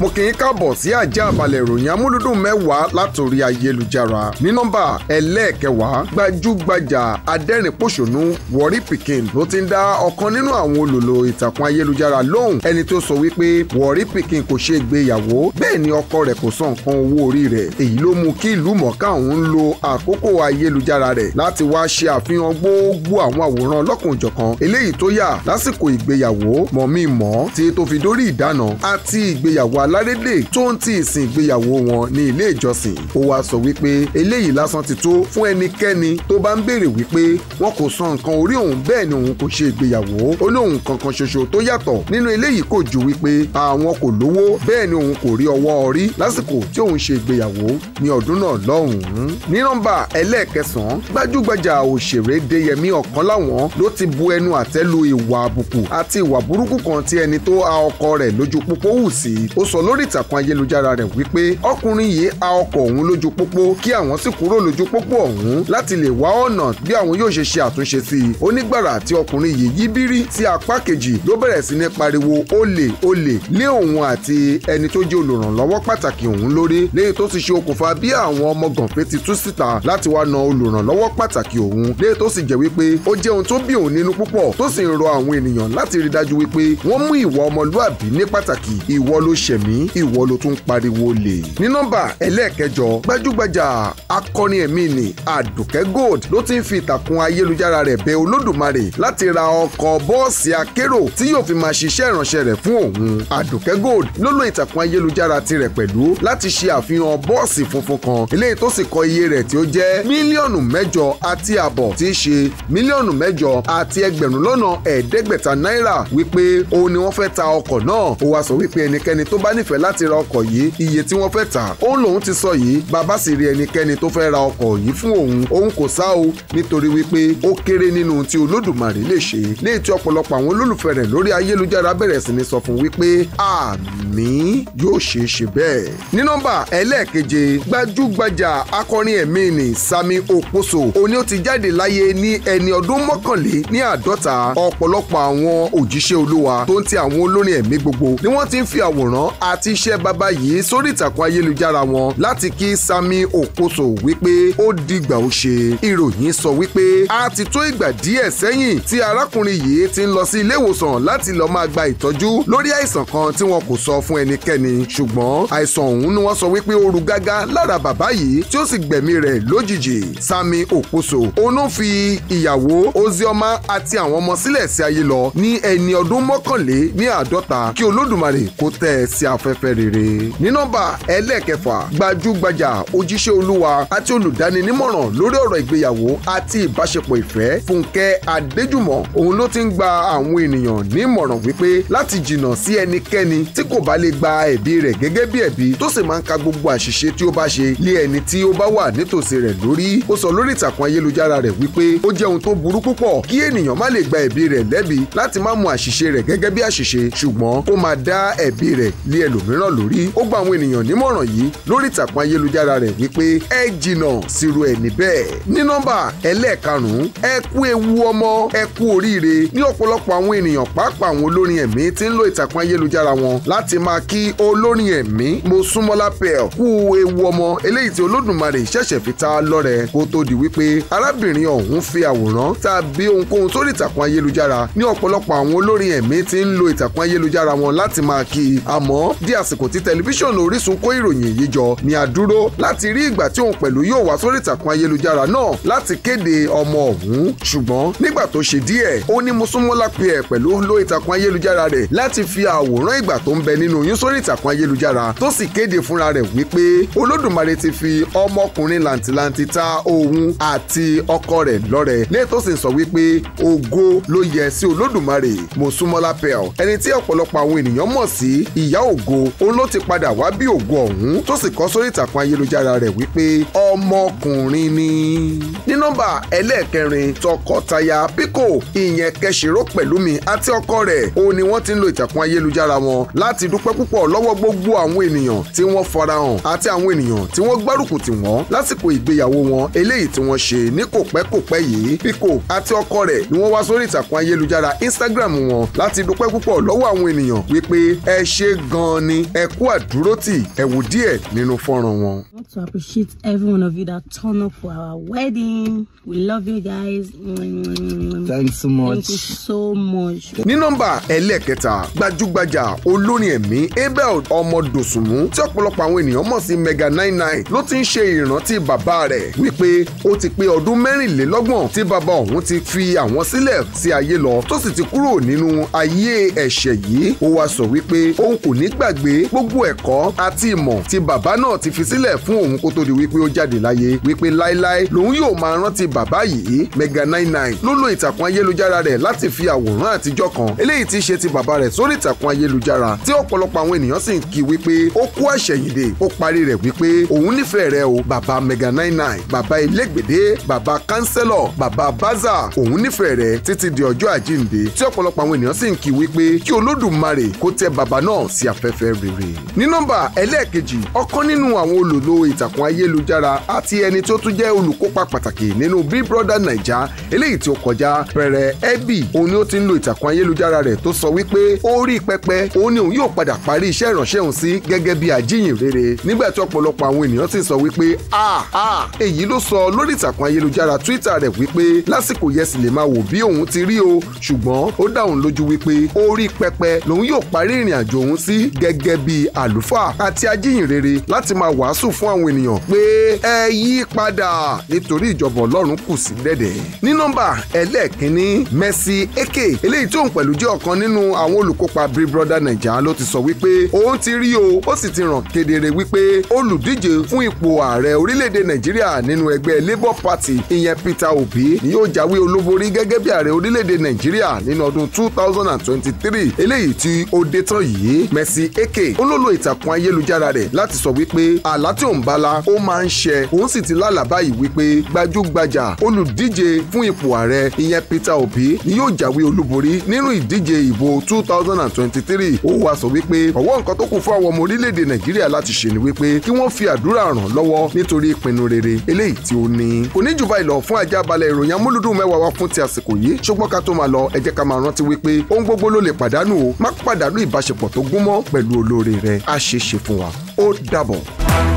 mo kì í káàbọ̀ sí àjẹ́ àbálẹ̀ ìròyìn amúlùdùn mẹ́wàá látòrí ayélujára ní nọ́mbà ẹlẹ́ẹ̀kẹwàá gbajúgbajà adẹ́rìn-pòṣónú Warri Pikin ló ti ń dá ọ̀kan nínú àwọn olùlò ìtàkùn ayélujára lóhùn ẹni tó sọ wípé Warri Pikin kò ṣe ìgbéyàwó bẹ́ẹ̀ ni ọkọ rẹ̀ kò san nǹkan owó orí rẹ̀ èyí ló mú kí ìlú mọ̀ọ́ká òun lo àkókò ayélujára rẹ̀ láti wá ṣe àfihàn gbogbo àwọn àwòrán lọ́kùnjọ̀kan eléyìí tó yà lásìkò ìgbéyàwó mọ̀mí mọ́ tí tó fi dórí ìdáná àti ìgbéyàwó alárédè tó ń ti ìsìn ìgbéyàwó wọn ní ilé ìjọsìn ó wáá sọ wípé eléyìí lásán ti tó fún ẹnikẹ́ni tó bá ń béèrè wípé wọn kò san nǹkan orí òun bẹ́ẹ̀ ni òun kò ṣe ìgbéyàwó ó lóun kankan ṣoṣo tó yàtọ̀ nínú eléyìí kò ju wípé àwọn kò lówó bẹ́ẹ̀ ni òun kò rí ọwọ́ orí lásìkò tí òun ṣe ìgbéyàwó ní ọdún náà lọ́hùn-ún ní nọ́mbà ẹlẹ́ẹ̀kẹsàn-án gbajúgbajà òṣèré Déyẹmí Ọ̀kánláwọ̀n ló ti bu ẹnu àtẹ́ lu ìwà àbùkù àti ìwà burúkú kan tí ẹni tó ha ọkọ rẹ̀ lójú pópó hù sí ó sọ sọ lórí ìtàkùn ayélujára rẹ̀ wípé ọkùnrin yìí a ọkọ̀ òun lójú pópó kí àwọn sì kúrò lójú pópó ọ̀hún láti lè wá ọ̀nà bí àwọn yóò ṣe ṣe àtúnṣe sí i onígbàrà tí ọkùnrin yìí yí bírí sí apá kejì ló bẹ̀rẹ̀ sí ní pariwo olè olè lé òun àti ẹni tó jẹ́ olùrànlọ́wọ́ pàtàkì òun lórí léyìí tó sì ṣe okùnfà bí àwọn ọmọ gànfẹ́ ti tú síta láti wá na olùrànlọ́wọ́ pàtàkì òun léyìí tó sì jẹ́ wípé ó jẹ́ ohun tó bí òun nínú púpọ̀ tó sì ń rọ àwọn ènìyàn láti rí dájú wípé wọ́n mú ìwà ọmọlúàbí ní pàtàkì ìwọ ló ṣẹ̀m ní ìwọ ló tún pariwo lè. ní nọ́mbà ẹlẹ́ẹ̀kẹjọ gbajúgbajà akọni ẹ̀mí ni àdùkẹ́ gold ló ti ń fi ìtàkùn ayélujára rẹ̀ bẹ olódùmarè láti ra ọkọ̀ bọ́ọ̀sì akérò tí yóò fi máa ṣiṣẹ́ ìránṣẹ́ rẹ̀ fún òun. àdùkẹ́ gold ló lo ìtàkùn ayélujára tirẹ̀ pẹ̀lú láti ṣe àfihàn bọ́ọ̀sì funfun kan eléyìí tó sì kọ iye rẹ̀ tí ó jẹ́ mílíọ̀nù mẹ́jọ àti àbọ̀ tí í ṣe mílíọ̀nù mẹ́jọ àti ẹgbẹ̀rún lọ́nà ẹ̀ẹ́dẹ́gbẹ̀ta náírà wípé òun ni wọ́n fẹ́ ta ọkọ̀ náà nífẹ̀ẹ́ láti ra ọkọ̀ yìí iye tí wọ́n fẹ́ tà òun lòun ti sọ yìí bàbá sì rí ẹnikẹ́ni tó fẹ́ ra ọkọ̀ yìí fún òun òun kò sá o nítorí wípé ó kéré nínú tí olódùmarè lè ṣe ní ètò ọ̀pọ̀lọpọ̀ àwọn olólùfẹ́ rẹ̀ lórí ayélujára bẹ̀rẹ̀ sí ni sọ fún wípé àmì yóò ṣe é ṣe bẹ́ẹ̀. ní nọ́mbà ẹlẹ́ẹ̀keje gbajúgbajà akọrin ẹ̀mí ni Sami Okposo òní ó ti jáde láyé ní ẹni ọdún mọ́kànlé ní àádọ́ta ọ̀pọ̀lọpọ̀ àwọn òjíṣẹ́ olúwa tó ń ti àwọn olórin ẹ̀mí gbogbo ni wọ́n ti ń fi àwòrán àti iṣẹ́ baba yìí sórí ìtàkùn ayélujára wọn láti kí Sammy Okoso wípé ó dìgbà ó ṣe ìròyìn sọ wípé a ti tó ìgbà díẹ̀ sẹ́yìn tí arákùnrin yìí ti ń lọ sí ilé ìwòsàn láti lọ́ọ́ máa gba ìtọ́jú lórí àìsàn kan tí wọn kò sọ fún ẹnikẹ́ni ṣùgbọ́n àìsàn ọ̀hún ni wọ́n sọ wípé ó ru gágá lára bàbá yìí tí ó sì gbẹ̀mí rẹ̀ lójijì Sammy Okoso òun fi ìyàwó Ozioma àti àwọn ọmọ sílẹ̀ sí ayé lọ ní ẹni ọdún mọ́kànlé ní àádọ́ta kí Olódùmarè kó tẹ̀ sí àwọn afẹ́fẹ́ rere ní nọ́mbà ẹlẹ́ẹ̀kẹfà gbajúgbajà òjíṣẹ́ olúwa àti olùdáninímọ̀ràn lórí ọ̀rọ̀ ìgbéyàwó àti ìbáṣepọ̀ ìfẹ́ fúnkẹ́ adéjùmọ̀ òun ló ti ń gba àwọn ènìyàn ní ìmọ̀ràn wípé láti jìnnà sí ẹnikẹ́ni tí kò bá lè gba ẹ̀bi rẹ̀ gẹ́gẹ́ bí ẹ̀bi tó sì máa ń ka gbogbo àṣìṣe tí ó bá ṣe lé ẹni tí ó bá wà nítòsí rẹ̀ lórí ó sọ lórí ìtàkùn ayélujára rẹ̀ wípé ó jẹ́ ohun tó burú púpọ̀ kí ènìyàn má lè gba ẹ̀bi rẹ̀ lẹ́bi láti má mú àṣìṣe rẹ̀ gẹ́gẹ́ bí àṣìṣe ṣùgbọ́n kó máa dá ẹ̀bi rẹ̀ lé ẹlòmíràn lórí ó gba àwọn ènìyàn nímọ̀ràn yìí lórí ìtàkùn ayélujára rẹ̀ wípé ẹ jìnnà sírú ẹni bẹ́ẹ̀ ní nọ́mbà ẹlẹ́ẹ̀karùn-ún ẹ kú ewu ọmọ ẹ kú oríire ní ọ̀pọ̀lọpọ̀ àwọn ènìyàn pàápàá àwọn olórin ẹ̀mí tí ń lo ìtàkùn ayélujára wọn láti máa kí olórin ẹ̀mí Mosúnmọ́lá Pearl kú ewu ọmọ eléyìí tí Olódùmarè ṣẹ̀ṣẹ̀ fi ta lọ́rẹ̀ kó tó di wípé arábìnrin ọ̀hún fi àwòrán tàbí ohunkóhun sórí ìtàkùn ayélujára lo ìtàkùn ayélujára wọn láti máa kí àmọ́ di àsìkò tí tẹlifíṣàn Orísun kó ìròyìn yìí jọ ni a dúró láti rí ìgbà tí òun pẹ̀lú yóò wá sórí ìtàkùn ayélujára náà láti kéde ọmọ ọ̀hún ṣùgbọ́n nígbà tó ṣe díẹ̀ ó ní Mosúnmọ́lá pe ẹ̀ pẹ̀lú lo ìtàkùn ayélujára rẹ̀ láti fi àwòrán ìgbà tó ń bẹ nínú oyún sórí ìtàkùn ayélujára tó sì kéde fúnra rẹ̀ wípé Olódùmarè ti fi ọmọkùnrin làǹtìlàǹtì ta òun àti ọkọ rẹ̀ lọ́rẹ lẹ́yìn tó sì sọ wípé ògo ló yẹ sí Olódùmarè Mosúnmọ́lá pẹ̀l ẹni tí ọ̀pọ̀lọpọ̀ àwọn ènìyàn mọ̀ sí ìyá ò ògo òun ló ti padà wá bí ògo ọ̀hún tó sì kọ sórí ìtàkùn ayélujára rẹ̀ wípé ọmọkùnrin ni. ní nọ́mbà ẹlẹ́ẹ̀kẹrin tọkọtaya Pico ìyẹn Kẹ́sìrò Pẹ̀lúmi àti ọkọ rẹ̀ òun ni wọ́n ti ń lo ìtàkùn ayélujára wọn láti dúpẹ́ púpọ̀ lọ́wọ́ gbogbo àwọn ènìyàn tí wọ́n farahàn àti àwọn ènìyàn tí wọ́n gbárùkù tì wọ́n lásìkò ìgbéyàwó wọn eléyìí tí wọ́n ṣe ní kò pẹ́ kò pẹ́ yìí Pico àti ọkọ rẹ̀ ni wọ́n wá sórí ìtàkùn ayélujára Instagram wọn láti dúpẹ́ púpọ̀ lọ́wọ́ àwọn ènìyàn wípé ẹ ṣé gan gan-an ni ẹ kú àdúrótì ẹ wò díẹ̀ nínú fọ́nrán wọn like to appreciate every one of you that turned up for our wedding. We love you guys. Thanks so much. Thank you so much. Ní nọ́mbà ẹlẹ́ẹ̀kẹta, gbajúgbajà olórin ẹ̀mí Abel ọmọ Dòsùnmú tí ọ̀pọ̀lọpọ̀ àwọn ènìyàn mọ̀ sí Mega 99 ló ti ń ṣe ìrántí bàbá rẹ̀ wípé ó ti pé ọdún mẹ́rìnlélọ́gbọ̀n tí bàbá òun ti fi àwọn sílẹ̀ sí ayé lọ tó sì ti kúrò nínú ayé ẹ̀ṣẹ̀ yìí. Ó wá sọ wípé òun kò ní gbàgbé gbogbo ẹ̀kọ́ àti ìmọ̀ tí bàbá náà ti fi sílẹ̀ fún fún òun kó tó di wípé ó jáde láyé wípé láéláé lòun yóò máa rántí bàbá yìí Mega99 ló lo ìtàkùn ayélujára rẹ̀ láti fi àwòrán àtijọ́ kan eléyìí ti ṣe ti bàbá rẹ̀ sórí ìtàkùn ayélujára tí ọ̀pọ̀lọpọ̀ àwọn ènìyàn sì ń kí wípé ó kú àṣẹ̀yìndè ó parí rẹ̀ wípé òun nífẹ̀ẹ́ rẹ o bàbá Mega99 bàbá ilégbèdé bàbá kánsẹ́lọ̀ bàbá bázà òun nífẹ̀ẹ́ rẹ títí di ọjọ́ àjíǹde tí ọ̀pọ̀lọpọ̀ àwọn ènìyàn sì ń kí wípé kí olódùmarè kó tẹ bàbá náà sí afẹ́fẹ́ rere ní nọ́mbà ẹlẹ́ẹ̀kejì ọ̀kan nínú àwọn ìtàkùn ayélujára àti ẹni tó tún jẹ́ olùkópa pàtàkì nínú Big Brother Naija eléyìí tí ó kọjá pẹ̀rẹ̀ Ebi òun ni ó ti ń lo ìtàkùn ayélujára rẹ̀ tó sọ wípé orí pẹpẹ òun ni òun yóò padà parí iṣẹ́ ìránṣẹ́ òun sí gẹ́gẹ́ bí ajíyìn rere nígbà tí ọ̀pọ̀lọpọ̀ àwọn ènìyàn sì sọ wípé ah ah èyí ló sọ lórí ìtàkùn ayélujára Twitter rẹ̀ wípé lásìkò yẹsì lè àwọn ènìyàn pé ẹ yí padà nítorí ìjọba ọlọ́run kù sí dẹ̀dẹ̀. ní nọ́mbà ẹlẹ́ẹ̀kínní Mercy Eke eléyìí tóun pẹ̀lú jẹ́ ọ̀kan nínú àwọn olùkópa Big Brother Naija ló ti sọ wípé òun ti rí o ó sì ti ràn kedere wípé olùdíje fún ipò ààrẹ orílẹ̀-èdè Nàìjíríà nínú ẹgbẹ́ Labour Party ìyẹn Peter Obi ni yóò jáwé olúborí gẹ́gẹ́ bí ààrẹ orílẹ̀-èdè Nàìjíríà nínú ọdún 2023 eléyìí tí ó dé tán yìí Mercy Eke ó ló lo ìtàkùn ayélujára rẹ̀ láti sọ wípé àlá tí òun Dàmbálà ó máa ń ṣẹ òun sì ti lálàá báyìí wípé gbajúgbajà olùdíje fún ipò ààrẹ ìyẹn Peter Obi ni yóò jáwé olúborí nínú ìdíje ìbò 2023 ó wá sọ wípé ọ̀wọ́ nǹkan tó kù fún àwọn ọmọ orílẹ̀-èdè Nàìjíríà láti ṣe ni wípé kí wọ́n fi àdúrà ràn lọ́wọ́ nítorí ìpinnu rere eléyìí tí ó ní kò ní jù báyìí lọ fún ajá balẹ̀ ìròyìn amúlùdùn mẹ́wàá wa fún ti àsìkò yìí ṣùgbọ́n ká tó máa lọ ẹ jẹ́ ká máa rántí wípé ohun gbogbo ló lè pàdánù o má pàdánù ìbáṣepọ̀ tó gúnmọ́ pẹ̀lú olóore rẹ á ṣeé fún wa ó dàbọ̀.